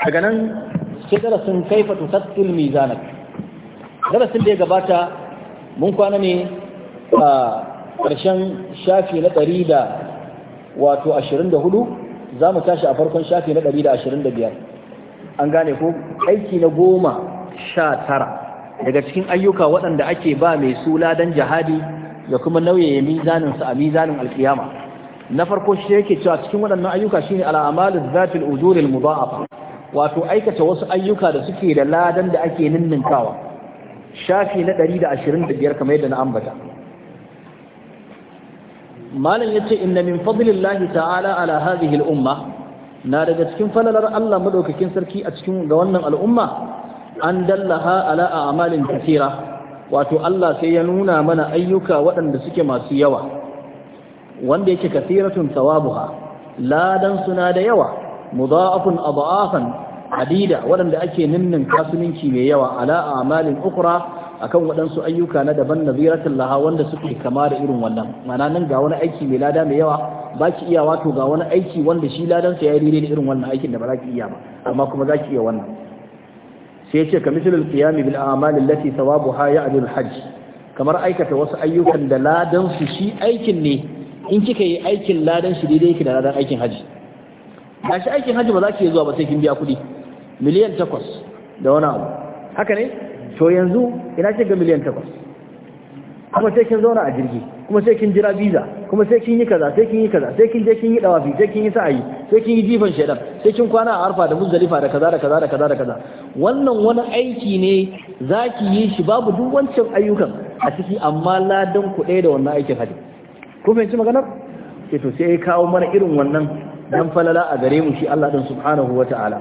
daga nan sai darasin kaifa tutattil mizanak darasin da ya gabata mun kwana ne a ƙarshen shafi na ɗari da wato ashirin da hudu za mu tashi a farkon shafi na ɗari da ashirin da biyar an gane ko aiki na goma sha tara daga cikin ayyuka waɗanda ake ba mai sula don jihadi da kuma nauyaye mizaninsa a mizanin alkiyama na farko shi yake cewa cikin waɗannan ayyuka shine al'amalin zatil ujuril mudha'afa wato aikata wasu ayyuka da suke da ladan da ake ninninkawa shafi na 125 kamar yadda na ambata malam yace inna min fadlillahi ta'ala ala hadhihi al-umma na daga cikin falalar Allah madaukakin sarki a cikin ga wannan al'umma an dallaha ala a'malin kathira wato Allah sai ya nuna mana ayyuka waɗanda suke masu yawa wanda yake kathiratun thawabuha ladan suna da yawa mudafun adafan adida waɗanda ake ninnin kasuwanci mai yawa ala amalin ukra akan waɗansu ayyuka na daban naziratul laha wanda suke kama da irin wannan Mana nan ga wani aiki mai lada mai yawa ba ki iya wato ga wani aiki wanda shi ladansa ya daidai da irin wannan aikin da ba za ki iya ba amma kuma za ki iya wannan sai ce ka misalul qiyam bil a'mal allati thawabuha ya'dul hajj kamar aikata wasu ayyukan da Ladansu shi aikin ne in kika yi aikin ladan shi daidai ki da ladan aikin haji ga shi aikin hajji ba za ki zuwa ba sai kin biya kuɗi miliyan takwas da wani abu haka ne to yanzu ina ce ga miliyan takwas kuma sai kin zauna a jirgi kuma sai kin jira visa kuma sai kin yi kaza sai kin yi kaza sai kin je kin yi dawafi sai kin yi sa'ayi sai kin yi jifan shaidan sai kin kwana a arfa da muzdalifa da kaza da kaza da kaza da kaza wannan wani aiki ne zaki yi shi babu duk wancan ayyukan a ciki amma ladan ku ɗaya da wannan aikin hajji ku fahimci maganar? ke eh to sai ya kawo mana irin wannan dan falala a gare mu shi Allah din subhanahu wata'ala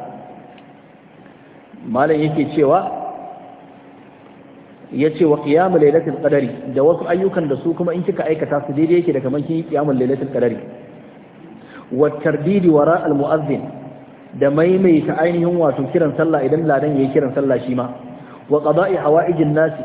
malam yake cewa yace wa qiyamu lailatul qadari da wasu ayyukan da su kuma in kika aikata su daidai yake da kaman kin qiyamul lailatul qadari wa tardidi wara al muazzin da maimaita ainihin wato kiran sallah idan ladan yayi kiran sallah shi ma wa qada'i hawaijin nasi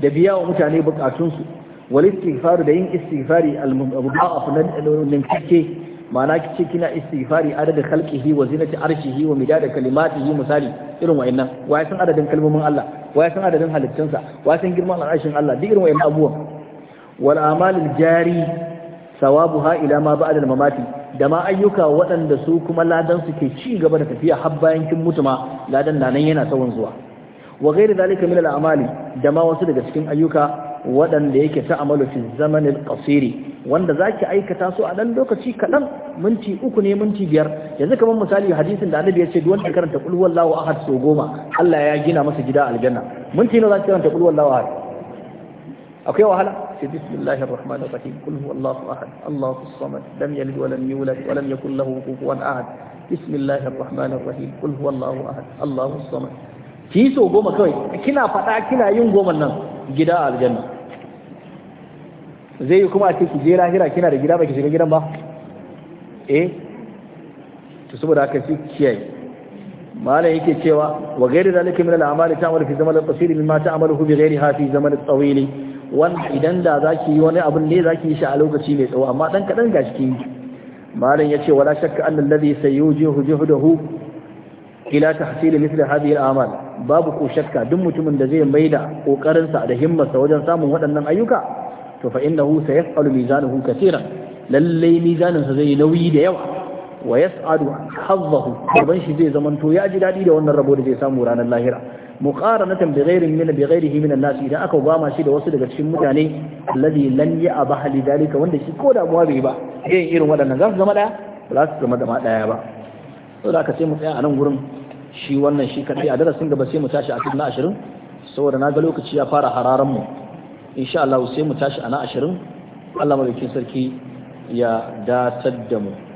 da biya wa mutane bukatunsu wal istighfar da yin istighfari al mubda'af nan kike ma'ana kice kina istighfari adadin khalqihi wa zinati arshihi wa midada kalimatihi misali irin wayannan wai san adadin kalmomin Allah wai san adadin halittunsa wai san girman al'arshin Allah duk irin wayannan abubuwan wal amalil jari sawabuha ila ma ba'da al mamati da ma ayyuka waɗanda su kuma ladan su ke ci gaba da tafiya har bayan kin mutu ma ladan nan yana tsawon zuwa wa da zalika min al amali da ma wasu daga cikin ayyuka waɗanda yake ta'amalu fi zamanil qasiri wanda zaki aikata su a dan lokaci kadan minti uku ne minti biyar yanzu kamar misali hadisin da annabi ya ce duk wanda karanta qul huwallahu ahad so goma Allah ya gina masa gida aljanna minti nawa zaki karanta qul huwallahu ahad akwai wahala sai bismillahir rahmanir rahim kul huwallahu ahad Allahu samad lam yalid wa lam yulad wa lam yakul lahu kufuwan ahad bismillahir rahmanir rahim kul huwallahu ahad Allahu samad ki so goma kawai kina fada kina yin goma nan gida aljanna zai yi kuma a ce ki je lahira kina da gida ba ki shiga gidan ba eh to saboda haka sai kiyaye malam yake cewa wa ghairu zalika min al-a'mali ta'malu fi zaman al-qasir ma ta'maluhu bi ghayriha fi zaman al-tawil wanda idan da zaki yi wani abun ne zaki yi shi a lokaci mai tsawo amma dan kadan gashi ki malam yace wala shakka an alladhi sayujihu juhdahu ila tahsil mithl hadhihi al-a'mal babu ko shakka duk mutumin da zai maida kokarin sa da himmarsa wajen samun waɗannan ayyuka to fa innahu sayaf'alu mizanuhu katiran lalle mizanin sa zai nauyi da yawa wa yas'adu hazzahu gaban shi zai to ya ji dadi da wannan rabo da zai samu ranar lahira muqaranatan bi ghairin min bi ghairihi min an-nas idan aka gama shi da wasu daga cikin mutane alladhi lan ya'ba hali dalika wanda shi ko da bai ba yin irin waɗannan za su zama daya za su zama zama daya ba da aka sai mu tsaya a nan gurin shi wannan shi kadai a darasin gaba sai mu tashi a cikin na 20 saboda na ga lokaci ya fara hararan mu insha Allah sai mu tashi ana ashirin Allah madaukin sarki ya datar da mu